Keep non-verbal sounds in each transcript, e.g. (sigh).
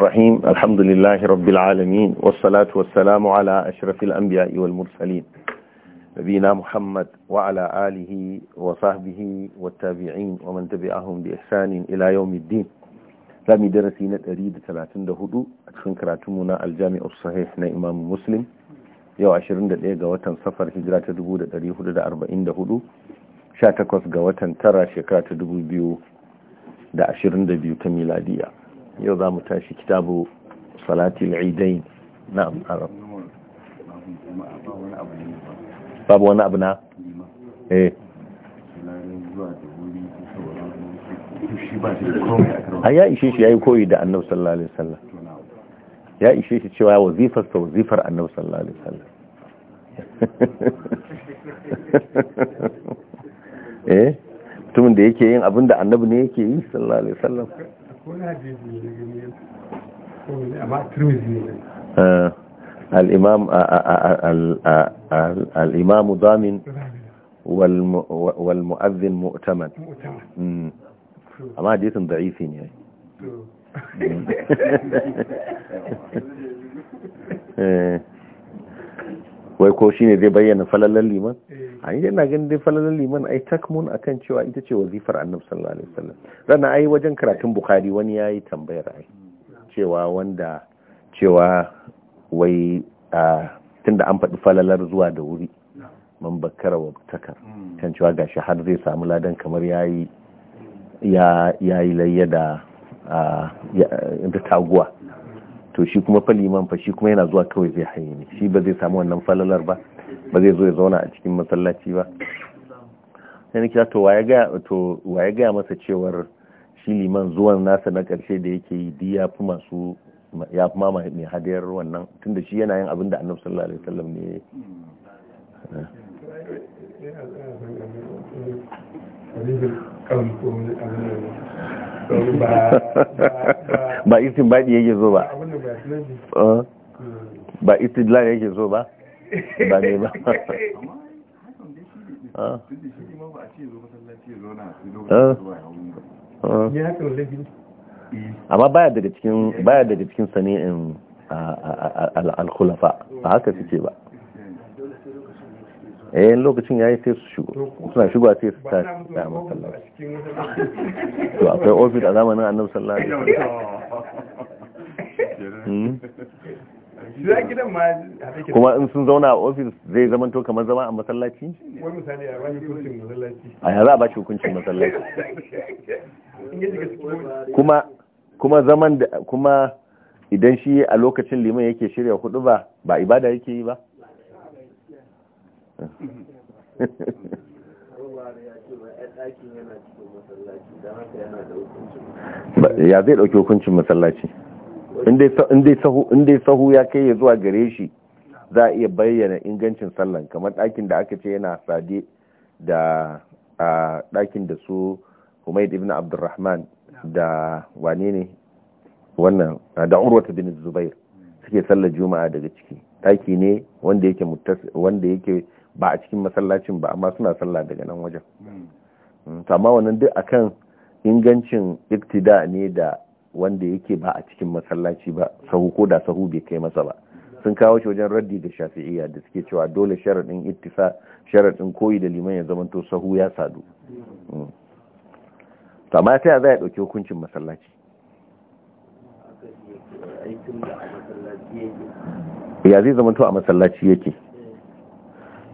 الرحيم الحمد لله رب العالمين والصلاة والسلام على أشرف الأنبياء والمرسلين نبينا محمد وعلى آله وصحبه والتابعين ومن تبعهم بإحسان إلى يوم الدين لم درسينا تريد ثلاثين دهدو أتخن كراتمنا الجامع الصحيح نا إمام مسلم يو عشرين دقيقة وطن سفر هجرة دبو دريه دا أربعين دهدو شاتكوس غوطن ترى شكرة دبو بيو دا عشرين دبيو تميلادية yau za mu tashi kitabu salatil idain na arab babu wani abu na eh a ya ishe shi ya yi koyi da annabu sallallahu alaihi sallam ya ishe shi cewa wazifar sa wazifar annabu sallallahu alaihi sallam (laughs) eh mutumin da yake yin abinda da annabi ne yake yi sallallahu alaihi sallam آه، الإمام آه، آه، الإمام ضامن والمؤذن مؤتمن أما حديث ضعيف يعني (laughs) (laughs) ايه wai ko shine zai bayyana falalan liman eh. a yi yana ganin dai falalan liman ai takmun akan cewa ita ce wazifar annabi sallallahu alaihi wasallam rana ai wajen karatun bukhari wani ya yi tambayar ai cewa wanda cewa wai a tunda an faɗi falalar zuwa da wuri man bakkara wa takar hmm. kan cewa gashi har zai samu ladan kamar yayi ya yayi layya da da taguwa to shi kuma fa liman fa shi kuma yana zuwa kawai zai haye ne shi ba zai samu wannan falalar ba ba zai zo ya zauna a cikin masallaci ba sai nake to waye ga to waye ga masa cewar shi liman zuwan nasa na karshe da yake yi di ya fi masu ya fi mama mai hadayar wannan tunda shi yana yin abin da annabi sallallahu alaihi wasallam ne eh. ba itin baɗi yake zo ba ba itin lar yake zo ba ba ne ba amma baya daga cikin baya daga cikin sani'in ah, ah, ah, al ba haka suke ba eh lokacin yayi sai su shigo suna shigowa sai su tashi a masallaci to akwai ofis a zamanin annabi sallallahu alaihi wasallam hmm? Hmm? kuma in sun zauna a ofis zai zamanto kamar zama a masallaci? wani misali a bani hukuncin masallaci a yanzu a ba shi hukuncin masallaci (laughs) kuma kuma zaman da kuma idan shi a lokacin liman yake shirya hudu ba ba ibada yake yi ba (laughs) ya zai ɗauki hukuncin masallaci inda sahu ya kai ya zuwa gare shi za a iya bayyana ingancin sallan kamar ɗakin da aka ce yana sade da ɗakin da su humaid ibn abdurrahman da wane ne wannan da urwata bin zubair suke sallar juma'a daga ciki ɗaki ne wanda yake ba a cikin masallacin ba amma suna sallah daga nan wajen mm, amma wannan duk akan ingancin iktida ne da wanda yake ba a cikin masallaci ba sahu ko da sahu bai kai masa ba sun kawo shi wajen raddi da shafi'iyya da suke cewa dole sharaɗin ittisa sharaɗin koyi da liman ya zamanto sahu ya sadu mm. amma ta za a ɗauki hukuncin masallaci ya zai zamanto a masallaci yake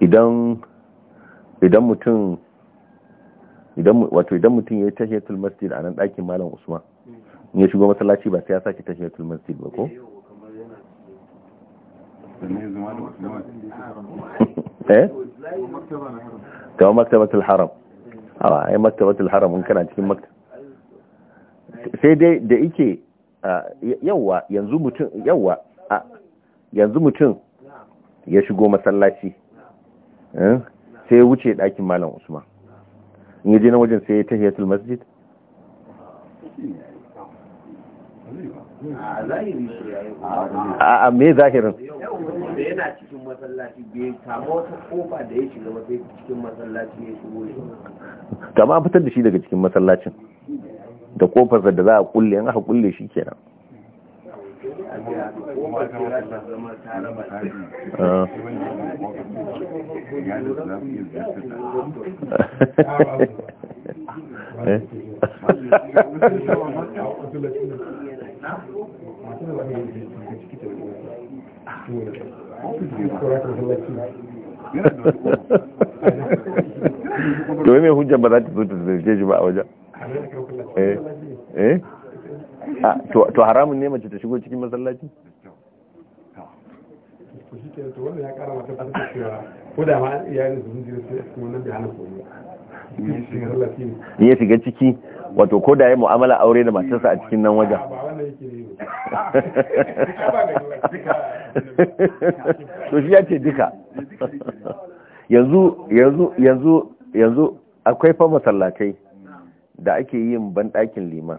idan idan mutum idan wato idan mutum yayi tahiyatul masjid a nan ɗakin malam Usman in ya shigo masallaci ba sai ya saki tahiyatul masjid ba ko (laughs) eh kawai maktabatul haram a ai maktabatul haram in kana cikin maktab sai dai da yake yawa yanzu mutum yawa yanzu mutum ya shigo masallaci Eh? sai ya wuce ɗakin malam usman in yaje na wajen sai ya tahiyatul masjid a me zahirin yana cikin masallaci bai wata kofa da ya shiga ba sai cikin masallaci ya shigo kama fitar da shi daga cikin masallacin da kofar da za a kulle an aka kulle shi kenan domin mai ba za ta zo ta zarge shi ba a wajen eh eh Ah, to haramun ne mace ta shigo cikin masallaci ya shiga ciki wato ko da ya mu'amala aure da matarsa a cikin nan wajen to shi ya ce duka yanzu yanzu akwai fa masallatai da ake yin banɗakin liman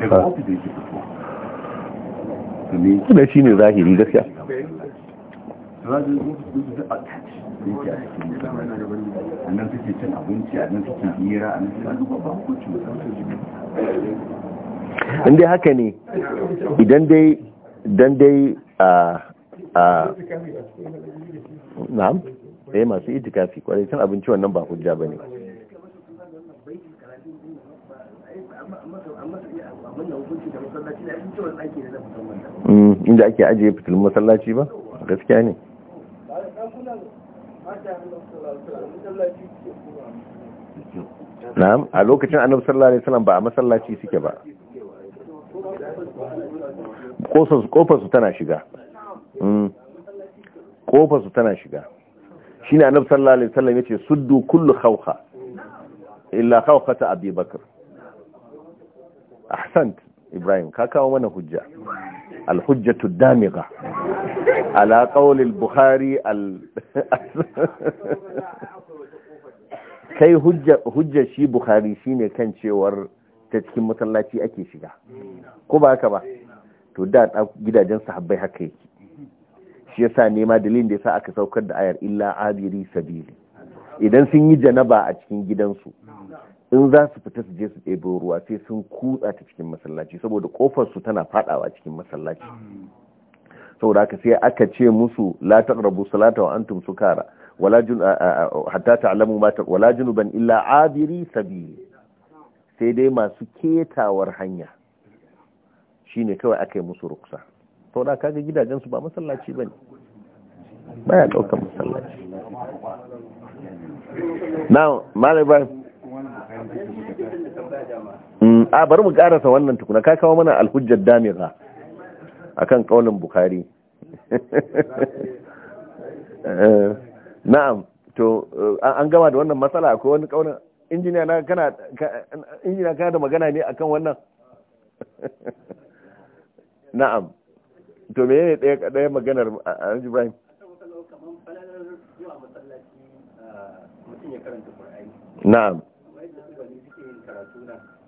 daga ofis yake shi ne zahiri gaskiya in dai haka ne idan dai idan dai a a na'am eh masu itikafi kwarai cin abinci wannan ba hujja bane Mm, inda ake ajiye fitilun masallaci ba gaskiya ne na'am a lokacin annabi sallallahu alaihi wasallam ba a masallaci suke ba kofar su tana shiga mm, kofar su tana shiga shine annabi sallallahu alaihi wasallam yace suddu kullu hauka illa khawkhata abi bakr ahsant ibrahim ka kawo mana hujja alhujjatu damiga ala ƙaunin buhari kai hujjar buhari shine kan cewar ta cikin masallaci ake shiga ko ba to da gidajen sahabbai haka yake shi yasa nema dalilin da yasa aka saukar da ayar illa abiri sabili idan sun yi janaba a cikin gidansu in za su fita su je su ɗebo ruwa sai sun kutsa ta cikin masallaci saboda kofar su tana fadawa cikin masallaci saboda haka sai aka ce musu la taqrabu salata wa antum sukara wala jun hatta ta'lamu ma wala junuban illa abiri sabili sai dai masu ketawar hanya shine kawai aka yi musu ruksa saboda kaga gidajen su ba masallaci bane baya daukar masallaci Na now malabai a bari mu karasa wannan tukuna ka kawo mana alhujjar damira akan kaulin bukari (laughs) na'am to an gama da wannan matsala akwai wani kaulin injiniya na kana injiniya kana da magana ne akan wannan (laughs) na'am to me ne ɗaya maganar Alhaji Ibrahim na'am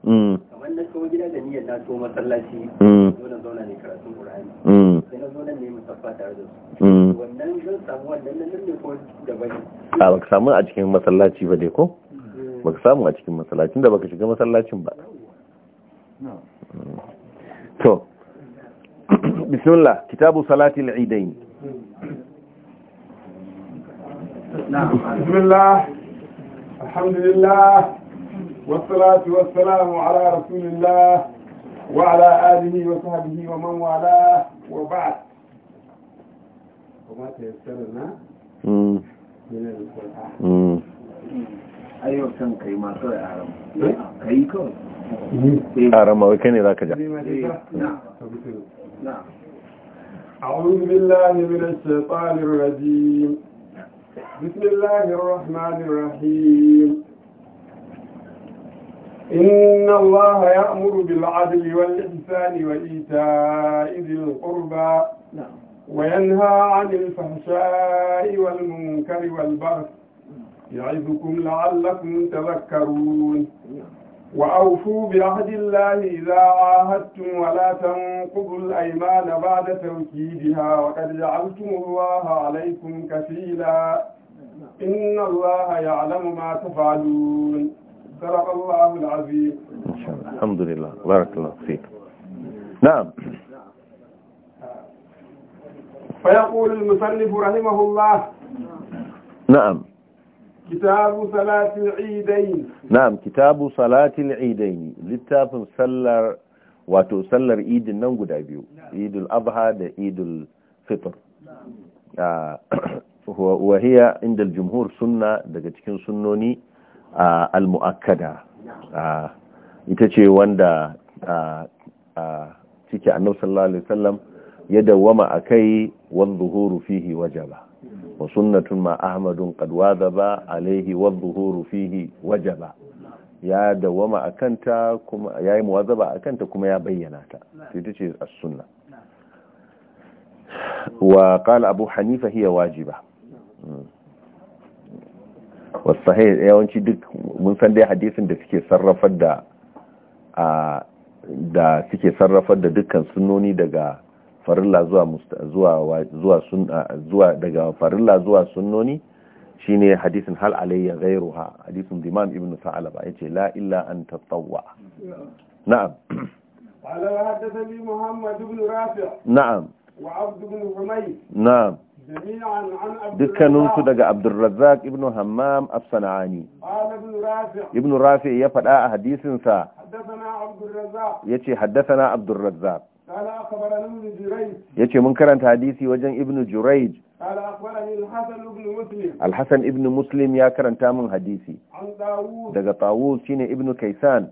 Mm. kamar na kawo gida da niyyar na so masallaci dole mm. zauna ne karatun qur'ani mm. sai na zo nan ne musaffa tare da su mm. wannan zan samu wannan nan ne ko da daban a baka samu a cikin masallaci ba dai ko baka samu a cikin masallacin da baka shiga masallacin ba to (clears throat) bismillah kitabu salati al-eidain بسم الله الحمد لله والصلاة والسلام على رسول الله وعلى آله وصحبه ومن والاه وبعد وما تيسر لنا من القرآن أيوة كان كلمات طيب، أعلم إيه؟ كيكو إيه. أعلم إيه؟ نعم نعم أعوذ بالله من الشيطان الرجيم بسم الله الرحمن الرحيم إن الله يأمر بالعدل والإحسان وإيتاء ذي القربى نعم. وينهى عن الفحشاء والمنكر والبغي يعظكم لعلكم تذكرون نعم. وأوفوا بعهد الله إذا عاهدتم ولا تنقضوا الأيمان بعد توكيدها وقد جعلتم الله عليكم كفيلا نعم. إن الله يعلم ما تفعلون صدق الله العظيم الحمد لله بارك الله فيك نعم فيقول المصنف رحمه الله نعم كتاب صلاة العيدين نعم كتاب صلاة العيدين للتاف سلر wato sallar idin nan guda biyu idul abha da idul fitr wa hiya inda jumhur sunna daga cikin sunnoni al-mu'akkada ita ce wanda cike annabi sallallahu alaihi wasallam ya dawama akai wan zuhuru fihi wajaba wa sunnatun ma ahmadun qad wadaba alaihi wan zuhuru fihi wajaba ya dawwama akanta kuma yayi muwazaba akanta kuma ya bayyana ta ita ce as-sunna wa qala abu hanifa hiya wajiba hmm. wasu yawanci duk mun san dai hadisin da suke sarrafar da da suke sarrafar da dukkan sunnoni daga farilla zuwa zuwa zuwa zuwa daga farilla zuwa sunnoni shine hadisin hal alayya ghayruha hadisin imam ibn sa'alaba yace la illa an tatawwa na'am qala hadathani muhammad ibn rafi' na'am wa abd ibn humayr na'am dukkaninsu daga abdurrazzak ibn hammam as-sana'ani ibn rafi ya faɗa a hadisinsa ya ce haddasana abdurrazzak ya mun karanta hadisi wajen ibn juraij alhassan ibn muslim ya karanta mun hadisi daga tawus shine ibn kaisan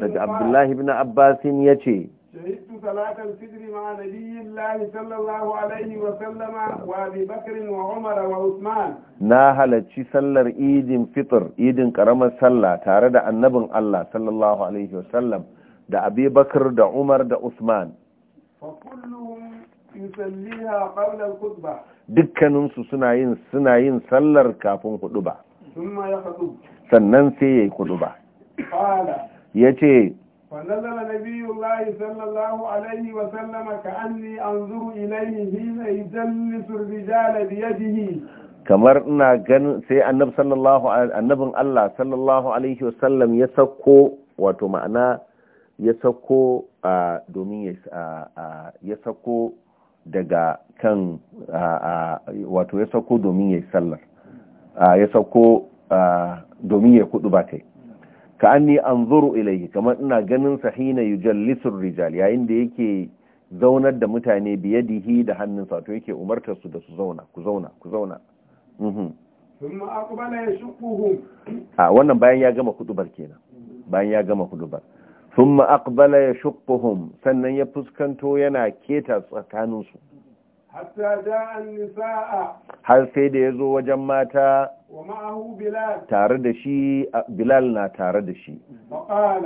daga abdullahi ibn abbasin ya ce شهدت صلاة الفجر مع نبي الله صلى الله عليه وسلم وأبي بكر وعمر وعثمان ناهل شي سلر إيد فطر إيد كرم سلة تارد النبي الله صلى الله عليه وسلم دا أبي بكر دا عمر دا عثمان فكلهم يسليها قبل الخطبة dukkaninsu suna yin suna yin sallar kafin kudu ba sannan sai ya yi kudu ba ya ce فنزل نبي الله صلى الله عليه وسلم كأني أنظر إليه حين يجلس الرجال بيده kamar ina ganin sai annab sallallahu annabin Allah sallallahu alaihi wasallam ya sako wato ma'ana ya sako a domin ya sako daga kan wato ya sako domin ya sallar ya sako domin ya kudu ba kai ka anni anzuru ilayhi kamar ina ganin sa hina yujallisur rijal yayin da yake zaunar da mutane biyadihi da hannunsa to yake umartar su da su zauna ku zauna ku zauna mhm thumma aqbala yashquhum a wannan bayan ya gama kudubar kenan bayan ya gama kudubar thumma ya yashquhum sannan ya fuskanto yana keta tsakaninsu su har sai da ya zo wajen mata tare da shi bilal na tare da shi sai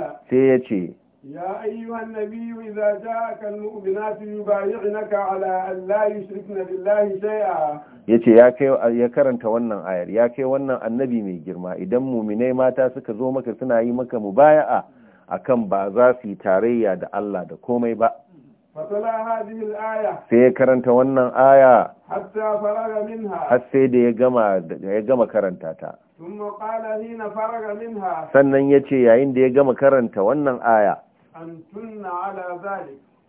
ya ce Ya يا أيها النبي إذا جاءك المؤمنات يبايعنك 'ala أن لا na billahi شيئا yace ya kai ya karanta wannan ayar ya kai wannan annabi mai girma idan muminai mata suka zo maka suna yi maka mubaya'a akan ba za su yi tarayya da Allah da komai ba sai ya karanta wannan aya har sai da ya gama karanta ta sannan ya ce yayin da ya gama karanta wannan aya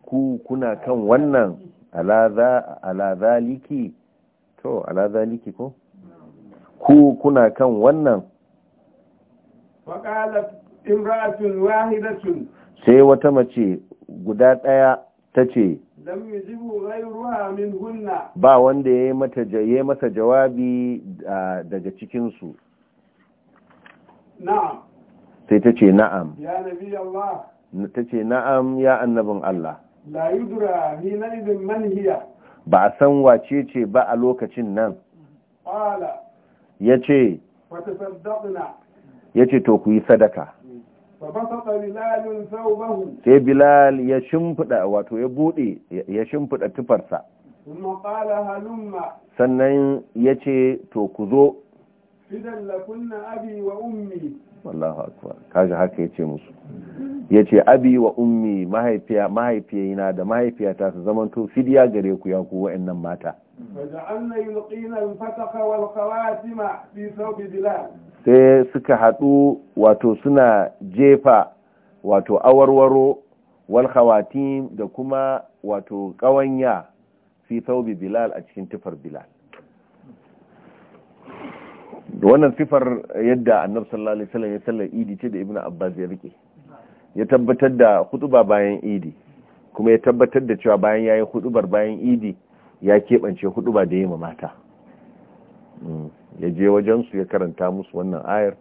ku kuna kan wannan alazaliki to alazaliki ko ku kuna kan wannan sai wata mace guda ɗaya ta ce ba wanda ya yi masa jawabi daga cikinsu sai ta ce na'am ta ce na'am ya annabin Allah ba a san wace ce ba a lokacin nan ya ce ya ce to ku yi sadaka sai bilal ya shimfiɗa wato ya buɗe ya shimfiɗa tufarsa sannan ya ce to ku zo wallahu akbar kaga haka yace musu yace abi wa ummi mahaifiya mahaifiyina da mahaifiyata su zamanto fidiya gare ku ya ku wa'annan mata فجعلنا الفتق والخواتم في ثوب بلال sai suka haɗu wato suna jefa wato awarwaro wal khawatim da kuma wato ƙawanya fi thawbi bilal a cikin tufar bilal da wannan sifar yadda annab sallallahu alaihi wasallam ya sallar idi ce da ibn abbas ya rike ya tabbatar da huɗuba bayan idi kuma ya tabbatar da cewa bayan ya yi huɗubar bayan idi ya keɓance hudu ba da yi ma mata mm. ya je wajensu ya karanta musu wannan ayar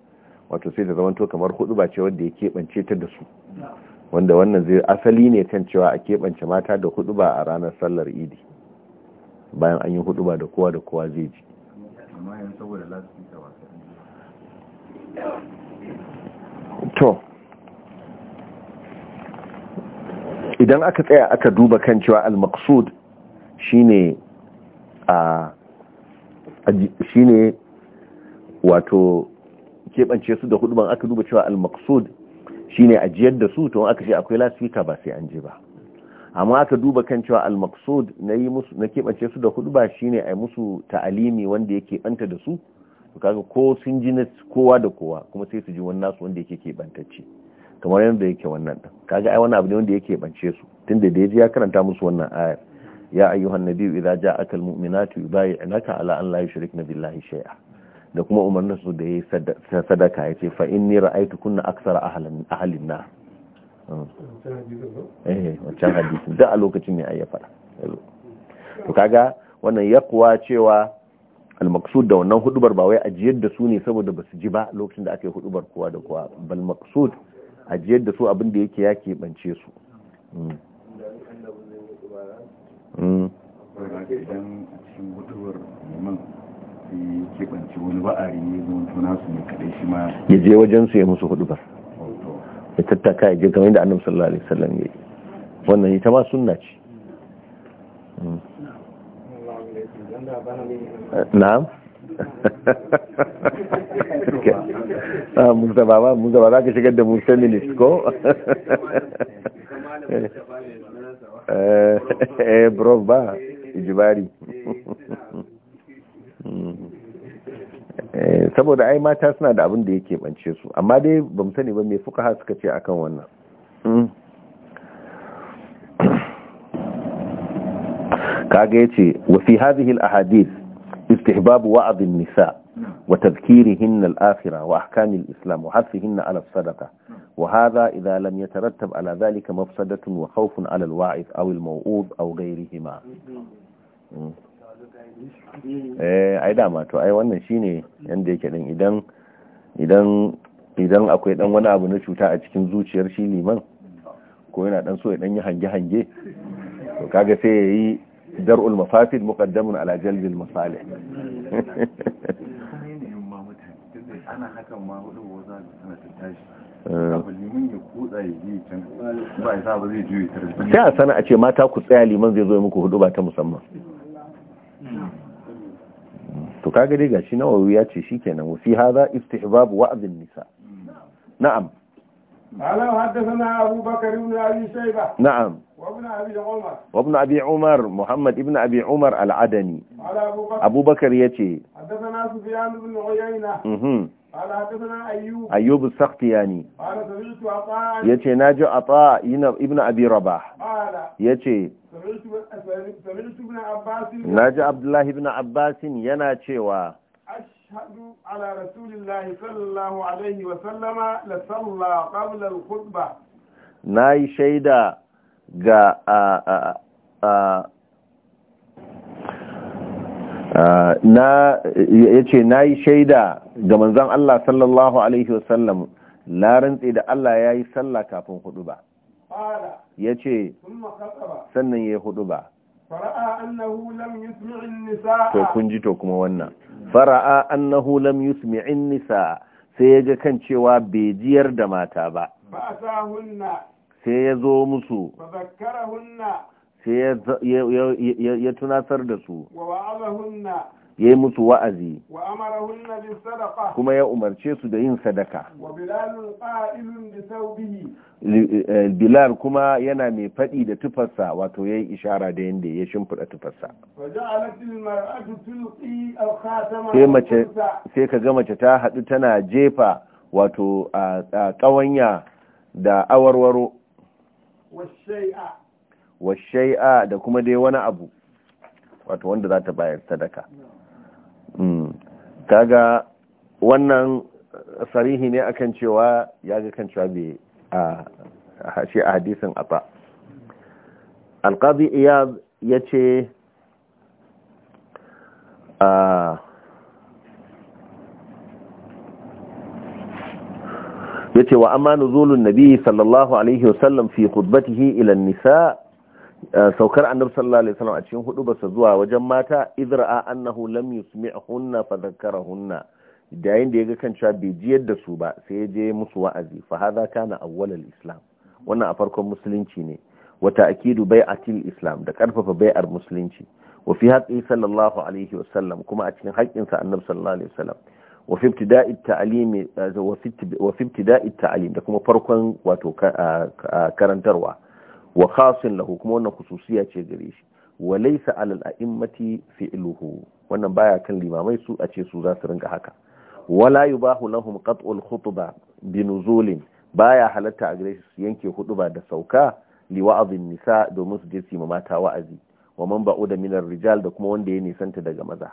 wato sai da zamanto kamar hudu ba ce wanda ya keɓance ta da su wanda wannan zai asali ne kan cewa a keɓance mata da hudu ba a ranar sallar idi bayan an yi hudu ba da kowa da kowa zai ji to idan aka tsaya aka duba kan cewa al-maqsud shine a shine wato keɓance su da hudu aka duba cewa al-maqsud shine ajiyar da su to aka ce akwai lasfika ba sai an je ba amma aka duba kan cewa al-maqsud na musu na keɓance su da hudu ba shine ai musu ta'alimi wanda yake banta da su kaga ko sun ji na kowa da kowa kuma sai su ji wani nasu wanda yake keɓantacce kamar yadda yake wannan ɗin kaga ai wani abu ne wanda yake keɓance su tunda da ya ji ya karanta musu wannan ayar ya ayyuhan nabiyyu idza ja'aka almu'minatu yubay'unaka ala an la yushrikna billahi shay'a da kuma umarnin su da yayi sadaka yace fa inni ra'aytu kunna aksara ahlan ahlin nar eh wannan hadisi da a lokacin ne ayya fara to kaga wannan yaqwa cewa al-maqsud da wannan hudubar ba wai ajiyar da su ne saboda basu ji ba lokacin da aka yi hudubar kowa da kowa bal maqsud ajiyar da su abin da yake ya bance su idan ya je wajen su ya musu ba ya tattaka ya je game da annabi sallallahu alaihi wasallam ya yi wannan ita ma sunna ce na'am ba za ka shigar da musa minist ko eh, (laughs) eh bro ba ijibari eh, saboda ai mata suna da abin da yake bance su amma dai ba mu sani ba me fuka suka ce akan wannan hmm. kaga yace wa fi hadhihi al ahadith istihbab wa'd an nisa وتذكيرهن الآخرة وأحكام الإسلام وحثهن على الصدقة وهذا إذا لم يترتب على ذلك مفسدة وخوف على الواعظ أو الموؤوض أو غيرهما أي ai أي وانا شيني wannan كدن إدن إدن idan idan akwai dan wani abu na cuta a cikin zuciyar shi liman ko yana dan so ya dan yi hange hange to kaga sai yayi dar'ul mafasid muqaddamun ala jalbil masalih ana hakan ma hudu eh. ba za sai a sana a ce mata ku tsaya liman zai zo muku hudu ba ta musamman hmm. to kaga dai gashi nawawi ya ce shikenan wa haza istihbab wa'd an-nisa hmm. na'am قال حدثنا أبو بكر بن أبي شيبة نعم وابن أبي عمر ayyubu saktiyani ya ce na ji a tsa'a ibn abi ya ce na ji abdullahi ibn abbasin yana cewa ashadu ala rasulillahi sallallahu na yi shaida ga Ah, na yi shaida ga manzan Allah sallallahu alaihi wasallam la da Allah ya yi sallah kafin hudu ba yace sannan yi hudu ba fara'a nisaa to kun ji to kuma wannan fara'a annahu lam yusmi'in nisaa sai ya ga kan cewa bai jiyar da mata ba sai ya zo musu sai ya tunasar da su ya yi musu wa'azi kuma ya umarce su da yin sadaka eh, bilal kuma yana mai faɗi da tufarsa wato ya yi ishara da yadda ya shimfiɗa tufarsa sai ka ga mace ta haɗu tana jefa wato a ƙawanya da awarwaro wa a da kuma dai wani abu wato wanda za ta bayar sadaka hmm. kaga wannan sarihi ne akan cewa ya ga kan cewa bai a hashe a a ba alkazi iyaz ya ce ya ce wa amma nuzulun nabi sallallahu alaihi wasallam fi khutbatihi ila nisa Eh, saukar annabi sallallahu alaihi wasallam a cikin hudu basa zuwa wajen mata idra'a annahu lam yusmi'hunna fa dhakarahunna da yayin da yaga kan cewa bai ji yadda su ba sai ya je musu wa'azi fa hadha kana awwal islam wannan a farkon musulunci ne wa ta'kidu bai'atil islam da karfafa bai'ar musulunci wa fi haqqi sallallahu alaihi wasallam kuma a cikin haƙƙin sa annabi sallallahu alaihi wasallam wa fi ibtida'i at-ta'lim eh, wa fi ibtida'i da kuma farkon wato eh, karantarwa wa khasin lahu kuma wannan khususiya ce gare shi wa laysa al a'immati fi'luhu wannan baya kan limamai su a ce su za su rinka haka wala yubahu lahum al khutba bi nuzulin baya halatta a gare shi su yanke huduba da sauka li nisa domin su ma mata wa'azi wa man ba'uda minar rijal da kuma wanda ya nisanta daga maza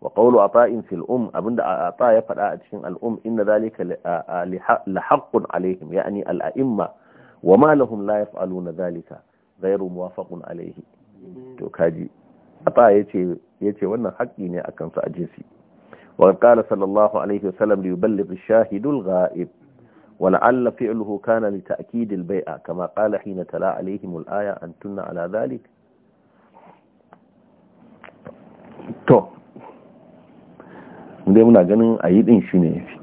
wa qawlu ata'in fil um abinda ata ya fada a cikin al um inna zalika li haqqun alaihim ya'ni al a'imma wa ma lahum la yaf'aluna zalika ghayru muwafaqun alayhi to kaji ata yace yace wannan haƙƙi ne akan su a jinsi wa qala sallallahu alaihi li yuballigh ash-shahidul ghaib ولعل فعله كان لتأكيد Kama كما قال حين تلا عليهم الآية أنتن ala ذلك to dai muna ganin a yi ɗin shi ne fi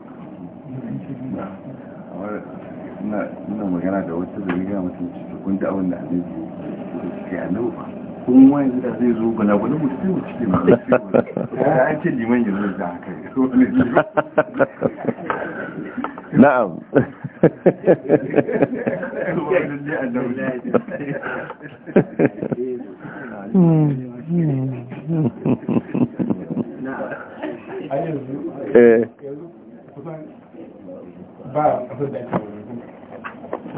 ina magana da wata da riga mutum cikin kun da abin da annabi ya ce annabi ba kun wani da zai zo gana bala mutum sai mu cike mu ya an ce liman ya zo da haka na'am hmm. Eh. ba abin da ake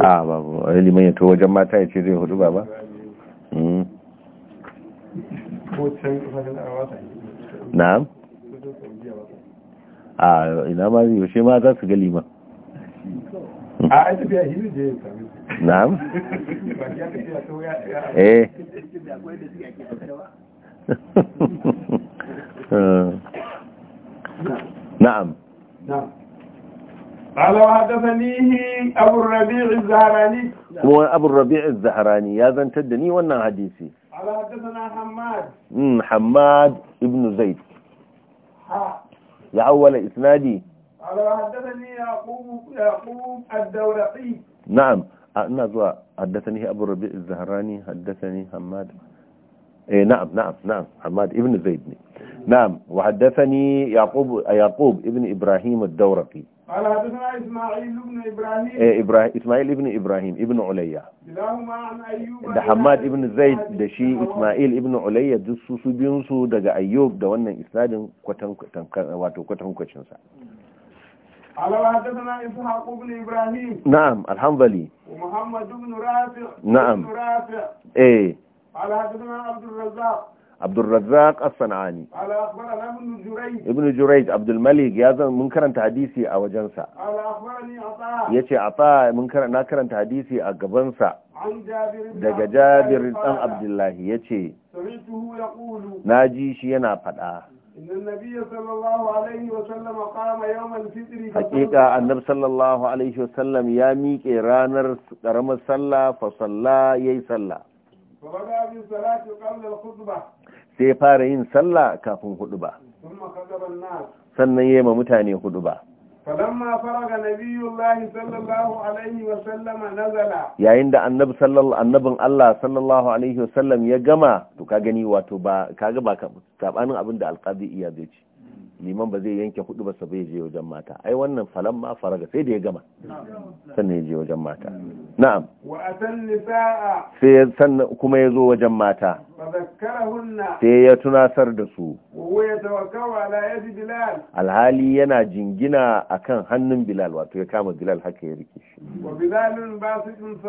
a ba wani liman ya to wajen mata ya ce zai hudu ba ba hmm. na'am a ina ma zai yaushe ma za su ga liman hmm. a (laughs) (laughs) قال وحدثني أبو الربيع الزهراني نعم. أبو الربيع الزهراني هذا انتدني وانا حديثي قال حدثنا حماد امم حماد ابن زيد يا أول إسنادي قال وحدثني يعقوب يعقوب الدورقي نعم نزوى حدثني أبو الربيع الزهراني حدثني حماد إيه نعم نعم نعم حماد ابن زيد نعم وحدثني يعقوب يعقوب ابن إبراهيم الدورقي قال حدثنا إسماعيل بن إبراهيم إيه إبراهيم إسماعيل بن إبراهيم ابن عليا كلاهما عن أيوب ده حماد ابن زيد ده شي إسماعيل ابن عليا ده سوسو سبينسو ده أيوب ده وانا إسناد كتن كتن واتو كتن كتن سا قال حدثنا إسحاق بن إبراهيم نعم الحمد لله ومحمد بن رافع نعم بن رافع إيه قال حدثنا عبد الرزاق Abdulrazzaq As-Sanani. Ibn Jurayj Abdul ya zan mun karanta hadisi a wajen sa. Yace ata mun karanta karanta hadisi a gabansa sa. Daga Jabir dan Abdullah yace ji shi yana faɗa. Haƙiƙa Annabi sallallahu alaihi wasallam ya miƙe ranar ƙaramar sallah fa yayi sallah. sai fara yin sallah kafin hudu ba sannan yi ma mutane huduba فلما فرغ نبي الله sallallahu alaihi عليه وسلم نزل yayin da annabi sallallahu annabin Allah sallallahu alaihi wasallam ya gama to ka gani wato ba kaga ba sabanin abin da alqadi iya zai ce liman ba zai yanke hudu ba sai je wajen mata ai wannan falan ma faraga sai da ya gama sannan ya je wajen mata na'am wa atan nisaa sai sannan kuma ya zo wajen mata sai ya tunasar da su ya alhali yana jingina akan hannun bilal wato ya kama bilal haka ya rike shi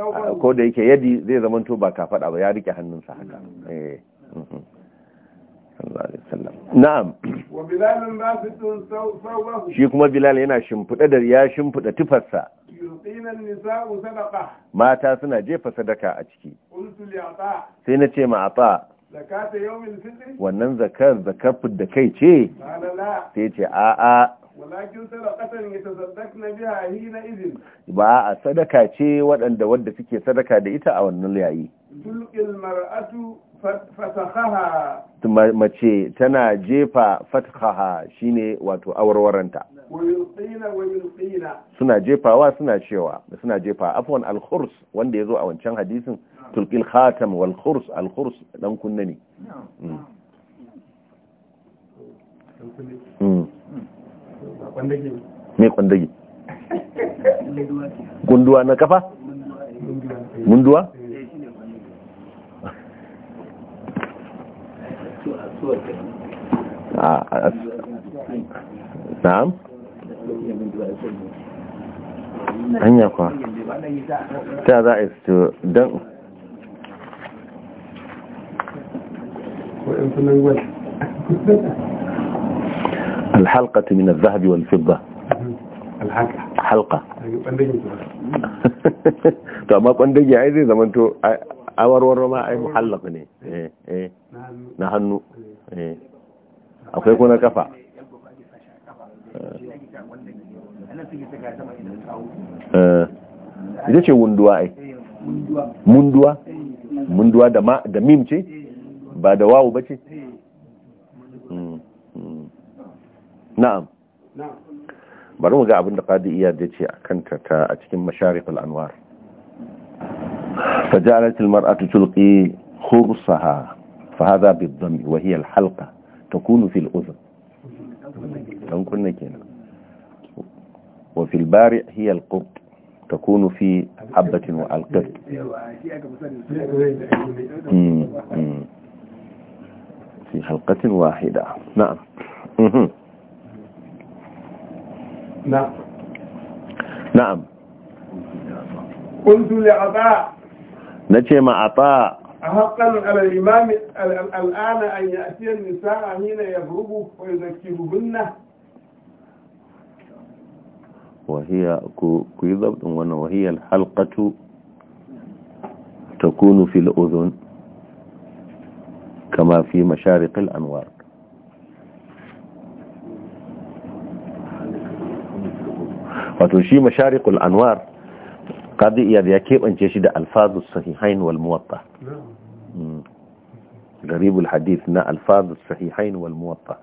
Wa ko da yake yadi zai zamanto ba ka faɗa ba ya rike hannunsa haka hmm. eh mm-hmm. na'am shi kuma bilal yana shimfiɗa da ya shimfiɗa tufarsa mata suna jefa sadaka a ciki sai na ce ma ata wannan zakar zakar da kai ce sai ce a'a walakin sadaqatan yatasaddaqna biha hina ba a sadaka ce waɗanda wadda suke sadaka da ita a wannan yayi tulqil mar'atu mace tana jefa fatkaha shine wato awarwaranta suna jefawa suna cewa suna jefa afwan al-khurs wanda yazo a wancan hadisin tulqil khatam wal khurs al khurs dan kunna ne me kwandage gunduwa na kafa munduwa na'am hanya kwa ta za a yi don الحلقة من الذهب والفضة الحلقة حلقة to amma kwandage ai zai zamanto a warwaro ma ai eh, eh. na hannu eh. Eh. akwai ko na kafa eh. ita ce wunduwa ai munduwa munduwa da mim ce ba da wawu ba ce hmm, hmm. na'am bari mu ga abin da qadi iya da ce akan ta ta a cikin masharif al-anwar tilmar al-mar'atu tulqi فهذا بالضم وهي الحلقة تكون في الأذن لو كنا كنا وفي البارئ هي القرط تكون في حبة والقرط في حلقة واحدة نعم نعم نعم قلت لعطاء نجم عطاء أحقا على الإمام الآن أن يأتي النساء حين يضرب ويذكرهن وهي كيضب وهي الحلقة تكون في الأذن كما في مشارق الأنوار وتنشي مشارق الأنوار qadi iyad ya keɓance shi da alfazus sahihain wal muwatta garibul hadith na alfazus sahihain wal muwatta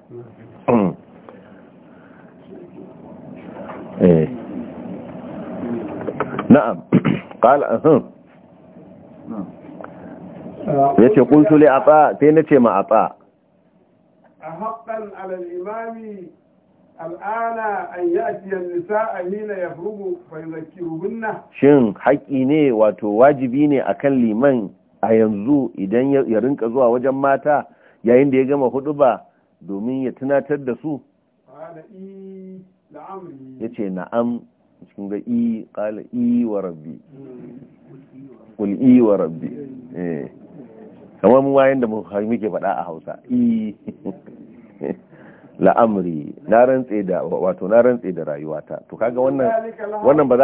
na'am eh. qala uh-huh. ya ce kuntu li ata sai ce ma ata a haqqan ala al-imami al'ana an ya'ti ya nisaa hina yafrugu fa yuzakkiruhunna shin haƙi ne wato wajibi ne akan liman a yanzu idan ya rinka zuwa wajen mata yayin da ya gama hudu ba domin ya tunatar da su ya ce na'am cikin ga i ƙala i wa rabbi kul i wa rabbi eh. kamar mu wayan da muke faɗa a hausa i (laughs) la'amri na rantse da wato na rantse da rayuwata to kaga wannan ba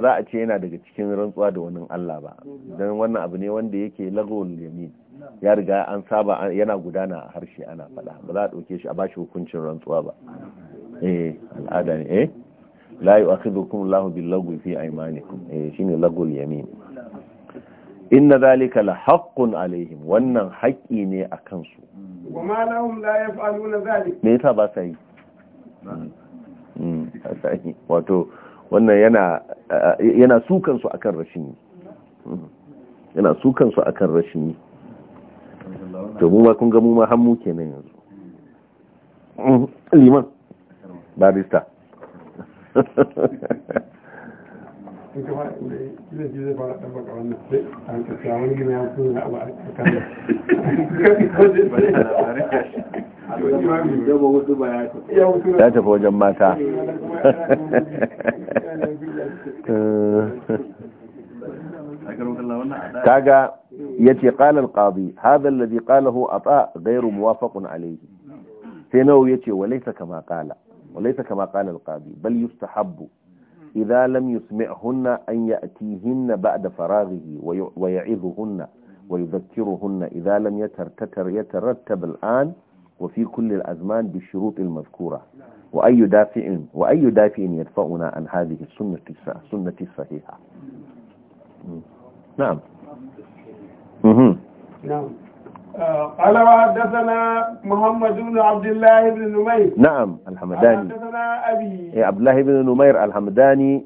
za a ce yana daga cikin rantsuwa da wannan Allah ba dan wannan abu ne wanda yake lagawul yamin ya riga an saba yana gudana a harshe ana fada ba za a ɗauke shi a bashi hukuncin rantsuwa ba eh al'ada ne eh la yu'akhidhukum Allahu bil lagwi fi aymanikum eh shine lagul yamin inna zalika la haqqun alaihim wannan haƙƙi ne a kansu kuma lahum la yaf'aluna zalik me yasa ba sa yi hmm, wato wannan yana yana sukan su akan rashin hmm, yana sukan su akan rashin to mu ma kun ga mu ma hammu kenan yanzu hmm, liman barista (laughs) ఇంకా ఇదే చేసే ta tafi wajen mata kaga yace qala al-qadi hadha alladhi qalahu ata ghayru muwafaqun alayhi sai nawo yace walaysa kama qala walaysa kama qala al-qadi bal yustahabbu إذا لم يسمعهن أن يأتيهن بعد فراغه ويعظهن ويذكرهن إذا لم يترتتر يترتب الآن وفي كل الأزمان بالشروط المذكورة وأي دافع وأي دافع يدفعنا عن هذه السنة السنة الصحيحة نعم نعم قال وحدثنا محمد بن عبد الله بن نمير نعم الحمداني حدثنا أبي عبد الله بن نمير الحمداني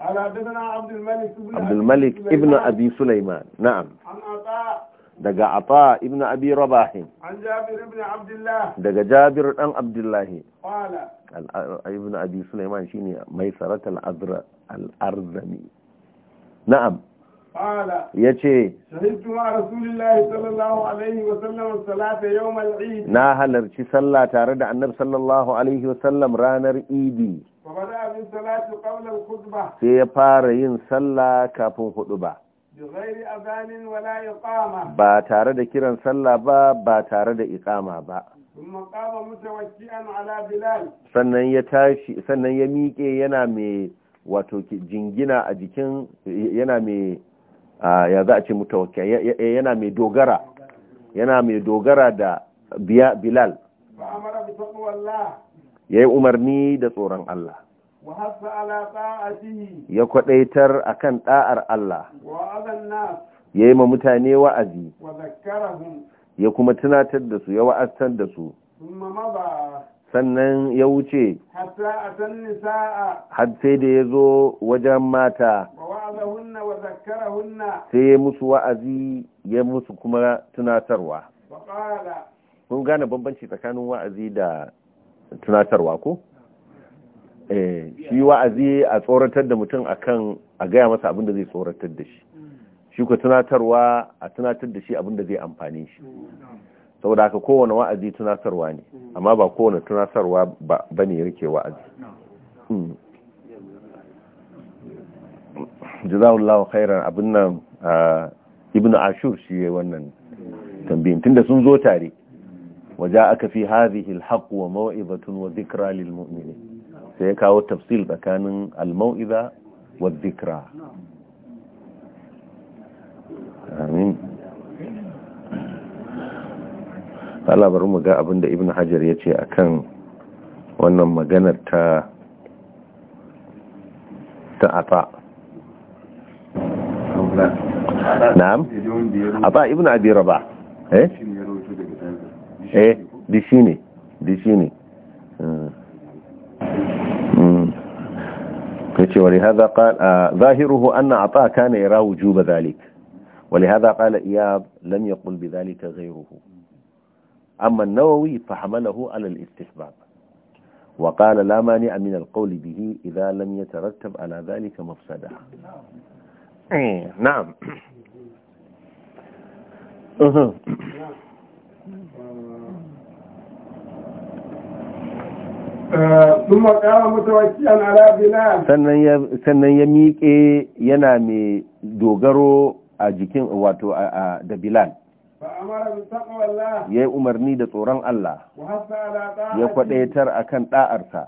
قال حدثنا عبد الملك بن عبد الملك ابن أبي سليمان نعم عن عطاء دقى عطاء ابن أبي رباح عن جابر بن عبد الله دقى جابر بن عبد الله قال ابن أبي سليمان شيني ميسرة الأذر الأرذمي نعم ya ce na halarci sallah tare da annab sallallahu alaihi wasallam ranar idi sai ya fara yin sallah kafin hudu ba ba tare da kiran sallah ba ba tare da ikama ba sannan ya tashi sannan ya miƙe yana mai wato jingina a jikin yana mai Ah, ya za a ce mutawakki yana mai dogara yana mai dogara da bilal ya yi umarni da tsoron Allah ya kwadaitar a kan ɗa'ar Allah ya yi ma mutane wa'azi ya kuma tunatar da su ya wa'aztar da su sannan ya wuce har sai da ya zo wajen mata sai وذكرهن سي مسو وعزي يا مسو كما تناتروا وقال kun gane bambanci tsakanin wa'azi da tunatarwa ko? eh shi wa'azi a tsoratar da mutum akan a gaya masa abin da zai tsoratar da shi shi ku tunatarwa a tunatar da shi abin da zai amfani shi saboda haka kowane wa'azi tunatarwa ne amma ba kowane tunatarwa ba ne yake wa'azi hmm. jazawullahu khairan abin nan ibn ashur shi yi wannan tambayin tunda sun zo tare waje aka fi hazihi alhaq wa maw'izatun wa dhikra lil mu'minin sai kawo tafsil tsakanin almau'iza wa dhikra amin Allah bari mu ga abin da Ibn Hajar ya ce akan wannan maganar ta ta نعم عطاء ابن أبي رباح إيه إيه ديشيني ديشيني اه. ولهذا قال آه، ظاهره أن عطاء كان يرى وجوب ذلك ولهذا قال إياب لم يقل بذلك غيره أما النووي فحمله على الاستحباب وقال لا مانع من القول به إذا لم يترتب على ذلك مفسدة Eh, na'am mhm. eh, sannan ya miƙe yana mai dogaro a jikin wato da bilal ya yi umarni da tsoron Allah ya kwadaitar a kan ɗa'arsa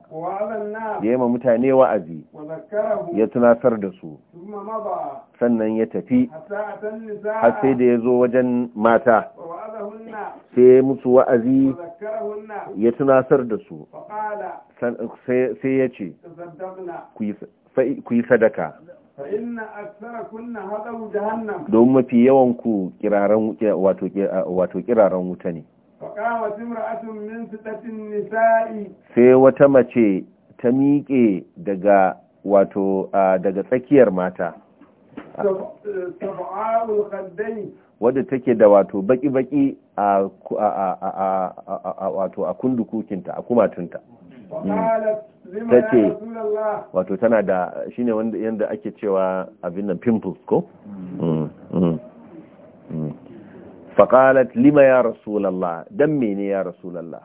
ya yi ma mutane wa'azi ya tunatar da su sannan ya tafi har sai da ya zo wajen mata sai ya musu wa'azi ya tunatar da su sai ya ce ku yi sadaka don mafi yawan ku kiraren wato kiraren wuta ne sai wata mace ta miƙe daga wato daga tsakiyar mata wadda take da wato baki-baki a wato a kundukukinta a kumatunta ta ce wato tana da shine wanda yanda ake cewa abin nan pimples ko faƙalat lima ya rasulallah don mene ya rasulallah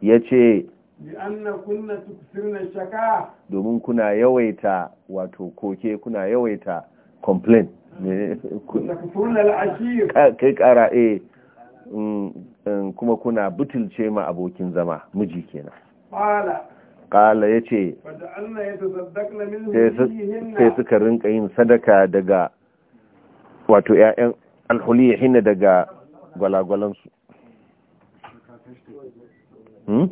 ya ce domin kuna yawaita wato koke kuna yawaita complain kai kara kuma kuna butulce ma abokin zama miji kenan ƙala ya ce sai suka rinka yin sadaka daga wato ‘ya'yan alhuliya hina daga gwalagwalansu hmm?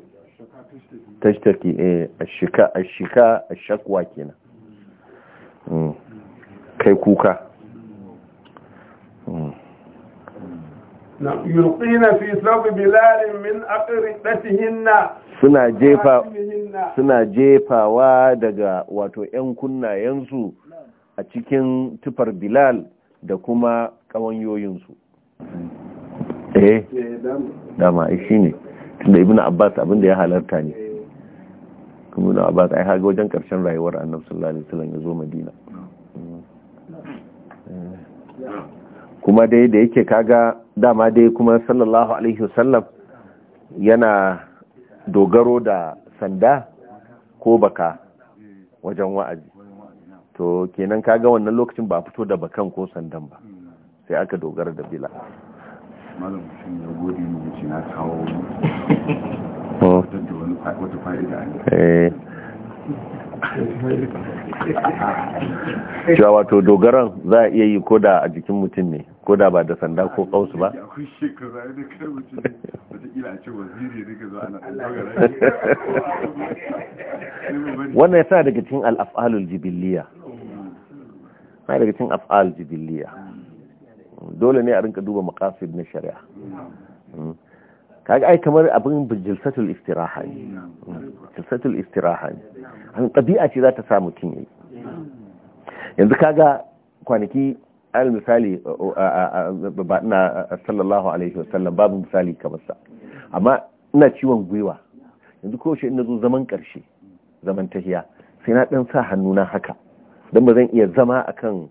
tashtaki eh, ashika ashika ashakwa kenan hmm. kai kuka hmm. Na yulqina fi thawb bilal min aqridatihinna suna jefa suna jefawa daga wato ‘yan kunnayensu a cikin tufar bilal da kuma ƙawanyoyinsu eh, eh dama shi ne tunda ibn abbas abinda ya halarta ne kuma eh. ibn abbas ai haga wajen ƙarshen rayuwar annabi sallallahu alaihi wasallam ya zo madina eh. kuma dai da yake kaga dama dai kuma sallallahu alaihi wasallam yana dogaro da sanda ko baka wajen wa'azi to kenan kaga wannan lokacin ba fito da bakan ko sandan ba sai aka dogara da bila malam mutum ya gode mu na kawo (laughs) wata fa'ida eh cewa wato dogaran za a iya yi ko da a jikin mutum ne ko da ba da sanda ko kausu ba (laughs) wannan yasa daga cikin al'af'alul jibiliya na daga cikin af'al jibiliya dole ne a rinka duba maqasid na shari'a kaga ai kamar abin jilsatul istiraha ne jilsatul istiraha ne an tabi'a ce za ta samu mutum yayi yanzu kaga kwanaki al misali uh, uh, uh, ba ina sallallahu alaihi wasallam babu misali kamar sa amma ina ciwon gwiwa yanzu ko shi ina zo zaman karshe zaman tahiya sai na dan sa hannuna haka dan ba zan iya zama akan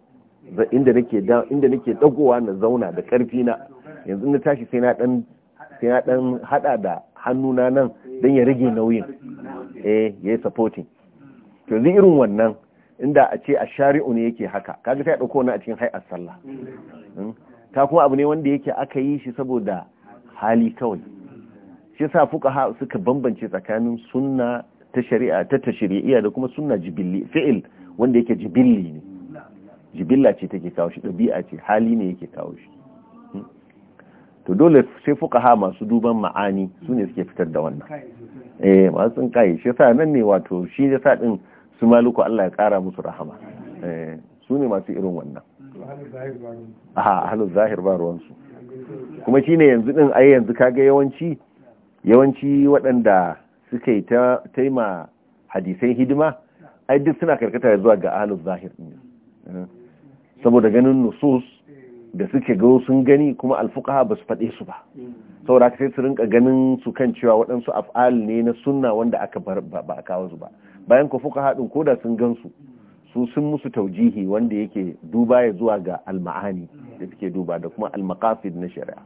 inda nake inda nake dagowa na zauna da karfi na yanzu na tashi sai na dan sai na dan hada da hannuna nan dan ya rage nauyin eh yayi supporting to zai irin wannan inda a ce a shari'u ne yake haka kaga sai a ɗauko wani a cikin hai'ar sallah hmm? ta kuma abu ne wanda yake aka yi shi saboda hali kawai shi sa fuqaha suka bambance tsakanin sunna ta shari'a ta tashri'iyya da kuma sunna jibilli fi'il wanda yake jibilli ne jibilla ce take kawo shi ɗabi'a ce hali ne yake kawo shi hmm? to dole sai fuqaha masu duban ma'ani su ne suke fitar da wannan eh masu tsinkaye shi yasa nan ne wato shi yasa din su maluku Allah ya kara musu rahama eh, su ne masu irin wannan a halin zahir ba ruwansu kuma shi ne yanzu ɗin ai yanzu kaga yawanci yawanci waɗanda suka yi ta taima hadisai hidima ai duk suna karkata zuwa ga halin zahir eh, saboda ganin nusus da suke ga sun gani kuma alfuqaha ba su faɗe su ba saboda sai su rinka ganin su kan cewa waɗansu af'al ne na sunna wanda aka ba a kawo su ba bayan ku fuka haɗin koda sun gansu su sun musu taujihi wanda yake duba ya zuwa ga alma'ani da suke duba da kuma almaqasid na shari'a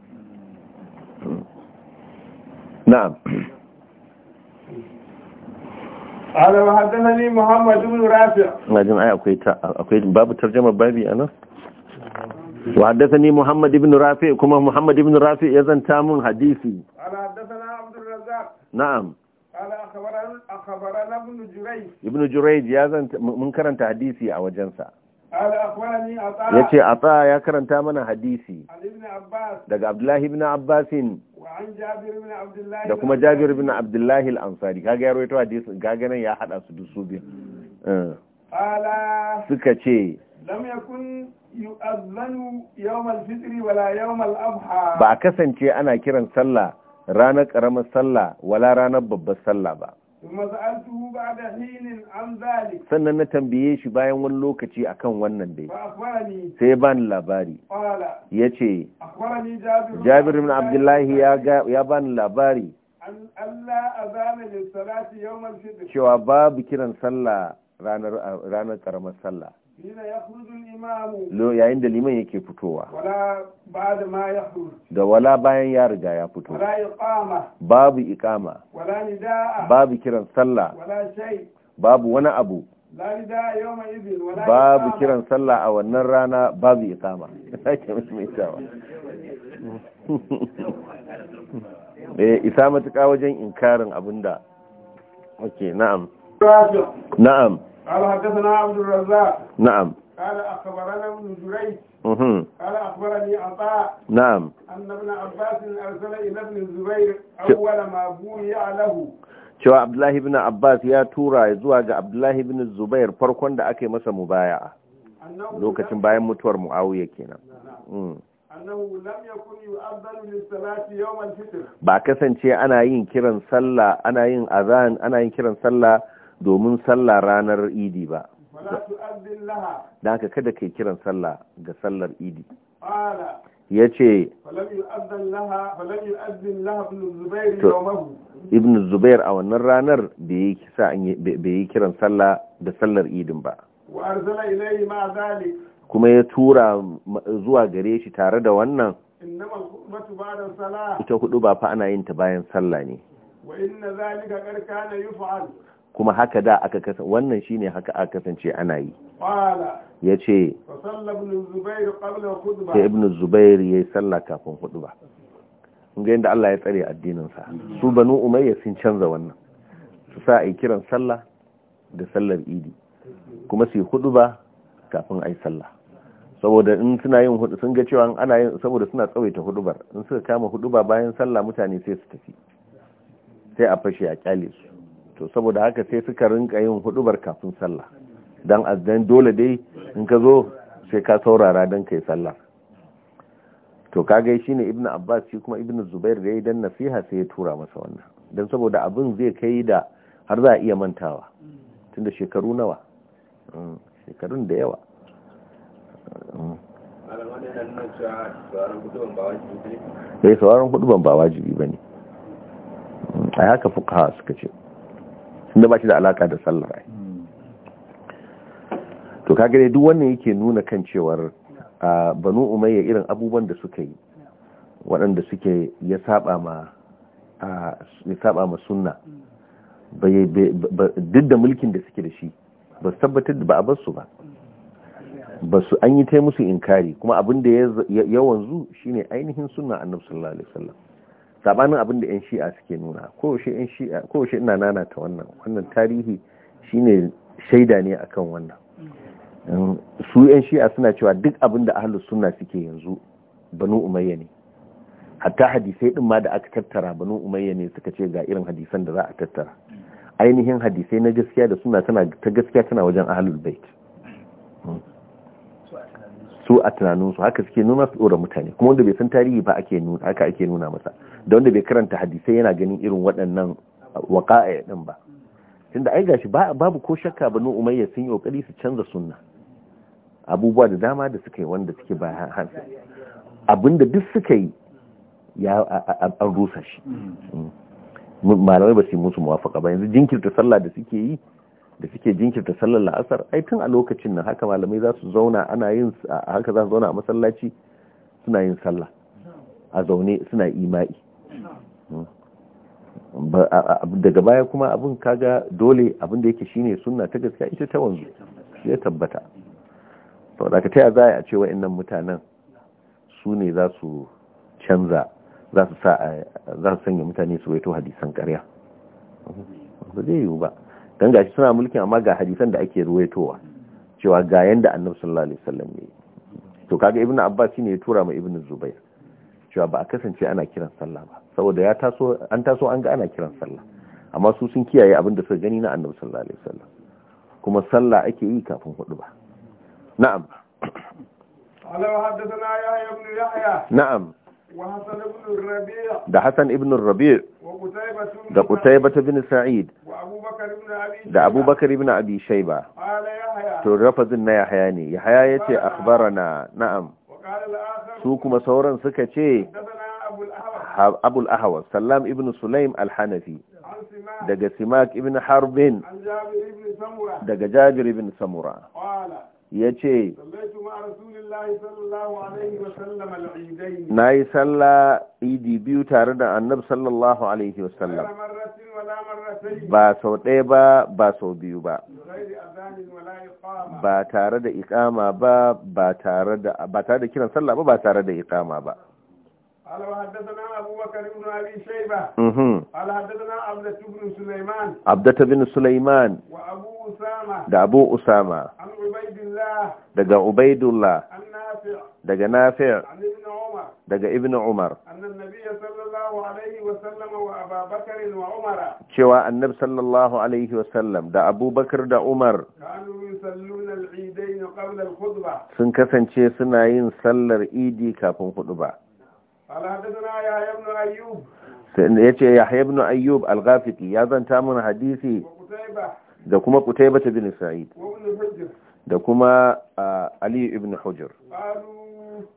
na'am ala wa haddathani ibn rafi' ai akwai akwai babu tarjuma babi anan wa haddathani muhammad ibn rafi' kuma muhammad ibn rafi' ya zanta mun hadisi ala haddathana abdul razzaq na'am ibn jurayj ya zanta mun karanta hadisi a wajensa ya ce a tsaya ya karanta mana hadisi daga abdullahi ibn abbasin da kuma jabir ibn abdullahi al-ansari kaga ya rawaito hadisin kaga nan ya hada su dusu biyu suka ce ba a kasance ana kiran sallah ranar karamar sallah wala ranar babbar sallah ba sannan na tambaye shi bayan wani lokaci akan wannan dai sai ba ni labari ya ce jabir bin abdullahi ya ba ni labari cewa babu kiran sallah ranar karamar sallah lo yayin da liman yake fitowa da wala bayan ya riga ya fito babu ikama babu kiran sallah babu wani abu babu kiran sallah a wannan rana babu ikama (laughs) (laughs) eh, isa matuƙa wajen inkarin abinda ok na'am na'am قال حدثنا عبد الرزاق نعم قال أخبرنا ابن جريج قال أخبرني عطاء نعم أن ابن عباس أرسل إلى ابن الزبير أول ما بويع له cewa Abdullahi bin Abbas ya tura ya zuwa ga Abdullahi bin Zubair farkon da aka yi masa baya. lokacin bayan mutuwar Muawiya kenan. Ba kasance ana yin kiran sallah ana yin azan ana yin kiran sallah domin sallah ranar idi ba da haka kada ke kiran sallah ga sallar idi ya ce ibn zubair a wannan ranar bai yi kiran sallah da sallar idin ba kuma ya tura zuwa gare shi tare da wannan ita hudu ba fa ana yin ta bayan sallah ne kuma haka da aka kasa wannan shine haka aka kasance ana yi ya ce sai ibn zubair ya yi sallah kafin hudu ba ga yadda Allah ya tsare addininsa su banu umayya sun canza wannan su sa a yi kiran sallah da sallar idi kuma su yi hudu ba kafin a yi sallah saboda in suna yin hudu sun ga cewa ana yin saboda suna tsawaita hudubar in suka kama hudu ba bayan sallah mutane sai su tafi sai a fashe a kyale su to saboda haka sai suka rinka yin hudubar kafin sallah dan azan dole dai in ka zo sai ka saurara dan kai sallah to kage shine ibnu abbas shi kuma ibnu zubair da yayin dan nasiha sai ya tura masa wannan dan saboda abin zai kai da har za a iya mantawa tunda shekaru nawa mm, shekarun da yawa sai mm. eh, sauraron hudu ban ba wajibi ba ne mm, a haka fuka suka ce tunda ba shi da alaka da sallar ai to kaga dai duk wannan yake nuna kan cewar banu umayya irin abubuwan da suka yi waɗanda suke ya saba ma ya saba ma sunna duk da mulkin da suke da shi ba su tabbatar da ba a basu ba ba su an yi ta musu inkari kuma abin da ya wanzu shine ainihin sunna annabi sallallahu alaihi wasallam sabanin abin da 'yan shi'a suke nuna kowace ina nana ta wannan wannan tarihi shine shaida ne akan wannan su 'yan shi'a suna cewa duk abin da ahalus suna suke yanzu banu umayya ne hatta hadisai din ma da aka tattara banu umayya ne suka ce ga irin hadisan da za a tattara ainihin hadisai na gaskiya da suna ta gaskiya tana wajen ahalul bait hmm. su a tunaninsu haka suke nuna su ɗora mutane kuma wanda bai san tarihi ba ake nuna haka ake nuna masa da wanda bai karanta hadisai yana ganin irin waɗannan waƙa'a ɗin ba tunda ai gashi babu ko shakka ba nu umayya sun yi kokari su canza sunna abubuwa da dama da suka yi wanda suke ba hansa abinda duk suka yi ya an rusa shi mm. Mm. malamai ba su yi musu muwafaka ba yanzu jinkirta sallah da suke yi da suke jinkirta sallar la'asar ai tun a lokacin nan haka malamai za su zauna ana yin haka za su zauna a masallaci suna yin sallah a zaune suna ima'i hmm. daga baya kuma abin kaga dole abin da yake shine sunna ta gaskiya ita ta wanzu ya tabbata to da ka taya za a ce wa'annan mutanen su ne za su canza za su sanya mutane su waito hadisan karya hmm. ba zai yiwu ba don gashi suna mulkin amma ga hadisan da ake ruwaitowa cewa ga yanda annabi sallallahu alaihi wasallam ne to kaga ibnu abbas ne ya tura ma ibnu zubair cewa ba a kasance ana kiran sallah ba saboda ya taso an taso an ga ana kiran sallah amma su sun kiyaye abin da suka gani na annabi sallallahu alaihi wasallam kuma sallah ake yi kafin hudu ba na'am na'am da Hassan ibn Rabi' da Qutaiba ibn Sa'id da Abubakar ibn Abi Shayba to rafazin na Yahya ne Yahya yace akhbarana na'am su kuma sauran suka ce al Ahwas Sallam ibn Sulaim al-Hanafi daga Simak ibn Harbin daga Jabir ibn Samura ya ce na yi sallah idi biyu tare da annab sallallahu alaihi wasallam ba sau ɗaya ba ba sau biyu ba ba tare da ikama ba ba tare da kiran sallah ba ba tare da ikama ba قال وحدثنا أبو بكر بن أبي شيبة قال حدثنا عبدة بن سليمان عبدة بن سليمان وأبو أسامة دا أبو أسامة عن عبيد الله دا عبيد الله عن نافع دا نافع عن ابن عمر دا ابن عمر أن النبي صلى الله عليه وسلم وأبا بكر وعمر شوى النبي صلى الله عليه وسلم دا أبو بكر دا عمر كانوا يصلون العيدين قبل الخطبة سنكسن شي سنعين صلى الإيدي كابون خطبة ya ce ya ayyub al ya zanta mun hadisi da kuma kutaiba bin sa'id da kuma ali ibn hujjar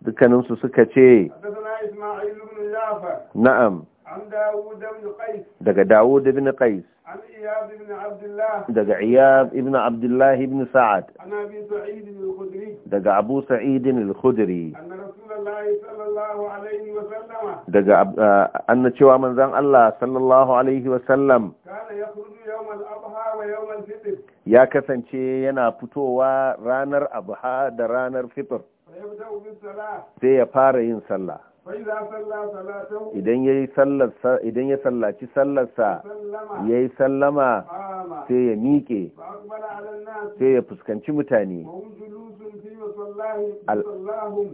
dukkaninsu suka ce na'am daga dawud ibn qais daga iyab ibn abdullah ibn sa'ad daga abu sa'id al-khudri daga anna cewa manzon Allah sallallahu alaihi wasallam ya kasance yana fitowa ranar abha da ranar fitr sai ya fara yin sallah idan ya yi sallarsa idan ya sallaci sallarsa ya yi sallama sai ya miƙe sai ya fuskanci mutane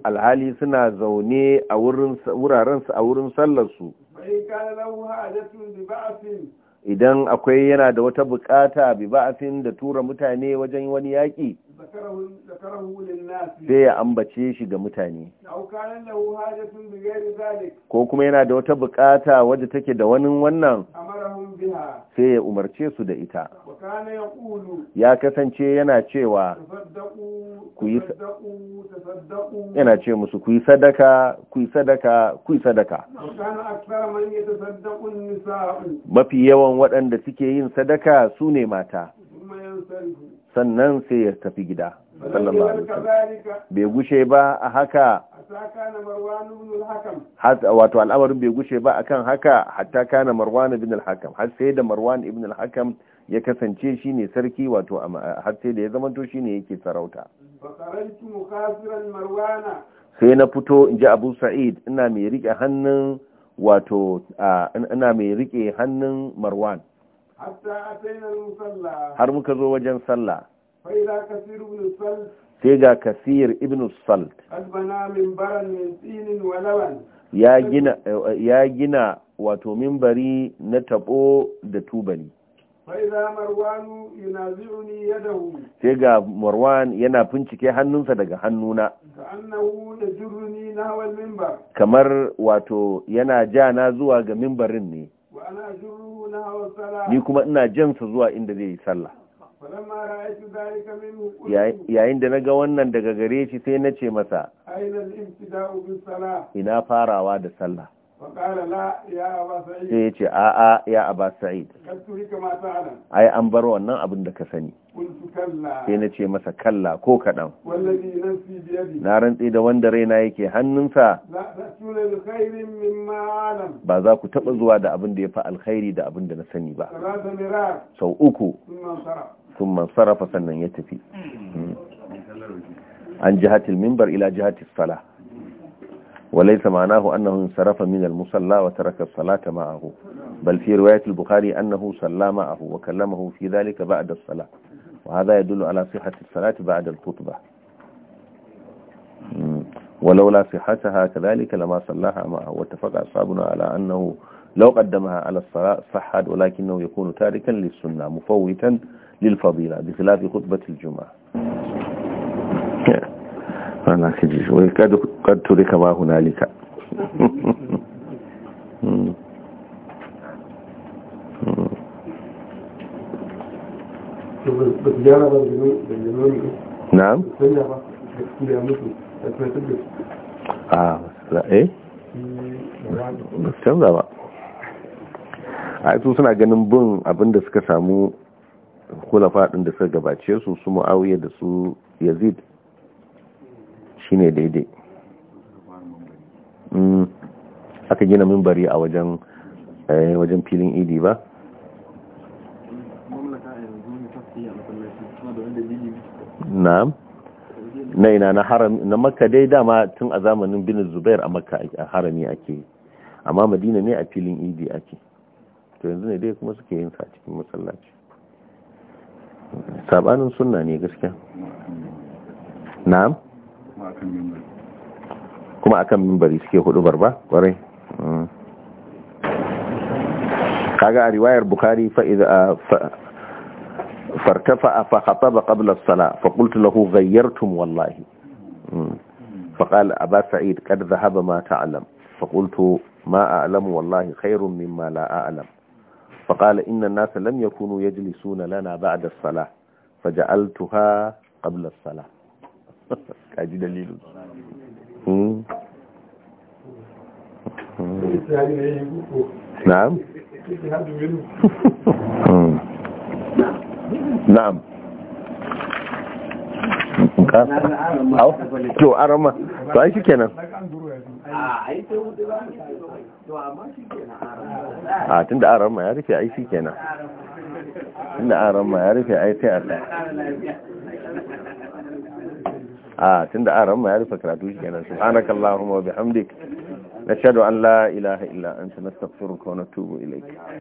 alhali suna zaune a wurarensu a wurin sallarsu idan akwai yana da wata bukata bi ba'afin da tura mutane wajen wani yaƙi sai ya ambace shi ga mutane ko kuma yana da wata bukata wadda take da wani wannan sai ya umarce su da ita ya kasance yana cewa yana ce musu ku yi sadaka ku yi sadaka ku yi sadaka mafi yawan waɗanda suke yin sadaka su ne mata sannan sai ya tafi gida sallallahu alaihi wasallam bai gushe ba a haka wato al'amarin bai gushe ba akan haka hatta kana marwan ibn al-hakam har sai da marwan ibn al-hakam ya kasance shine sarki wato har sai da ya zamanto shine yake sarauta sai na fito in ji abu sa'id ina mai rike hannun wato ina mai rike hannun marwan har muka zo wajen sallah sai ga kasir ibn salt ya gina wato mimbari na tabo da tubali sai ga marwan yana bincike hannunsa daga hannuna kamar wato yana ja na zuwa ga mimbarin ne ni kuma ina jan sa zuwa inda zai yi sallah yayin da na ga wannan daga gare shi sai na ce masa ina farawa da sallah sai ya ce a'a ya ba sa'id ai an bar wannan abin da ka sani sai na ce masa kalla ko kaɗan na rantse da wanda raina yake hannunsa ba za ku taɓa zuwa da abin da ya fi alkhairi da abin da na sani ba sau uku sun sarrafa sannan ya tafi an jihatil mimbar ila jihatil Salah. وليس معناه أنه انصرف من المصلى وترك الصلاة معه بل في رواية البخاري أنه صلى معه وكلمه في ذلك بعد الصلاة وهذا يدل على صحة الصلاة بعد الخطبة ولولا صحتها كذلك لما صلاها معه واتفق أصحابنا على أنه لو قدمها على الصلاة صحت ولكنه يكون تاركا للسنة مفوتا للفضيلة بخلاف خطبة الجمعة wani ka ji wai wani turika ma hunalika na'am ah, a eh? ba su canza ba a yi suna ganin bin abinda suka samu kula faɗin da suka gabace su su mu'awiyar da su yazid shi ne daidai mm. aka gina mimbari a wajen eh, wajen filin idi ba na'am na ina na harami na makka dai dama tun a zamanin bin zubair a makka a harami ake amma madina ne a filin idi ake to yanzu ne dai kuma suke yin sa cikin masallaci sabanin sunna ne gaskiya na'am kuma akan mimbari suke hudu barba kwarai hmm. kaga a riwayar Bukhari fa'iza a fartafa a fahata ba ƙablar sana faƙultu lahu zayyartum wallahi hmm. faƙal a ba sa'id ƙad zahaba ma ta'alam faƙultu ma a alamu wallahi khairun min ma la a'alam فقال ya الناس لم يكونوا يجلسون da Sala, الصلاة فجعلتها قبل الصلاة (laughs) kaji dalilu hmm. na'am hmm. na'am au to arama to ai shikenan a tunda arama ya rufe ai shikenan tunda arama ya rufe ai sai a a tunda aran ma ya rufe karatu shi kenan subhanaka bi wa na nashhadu an la ilaha illa anta nastaghfiruka wa tubu ilayk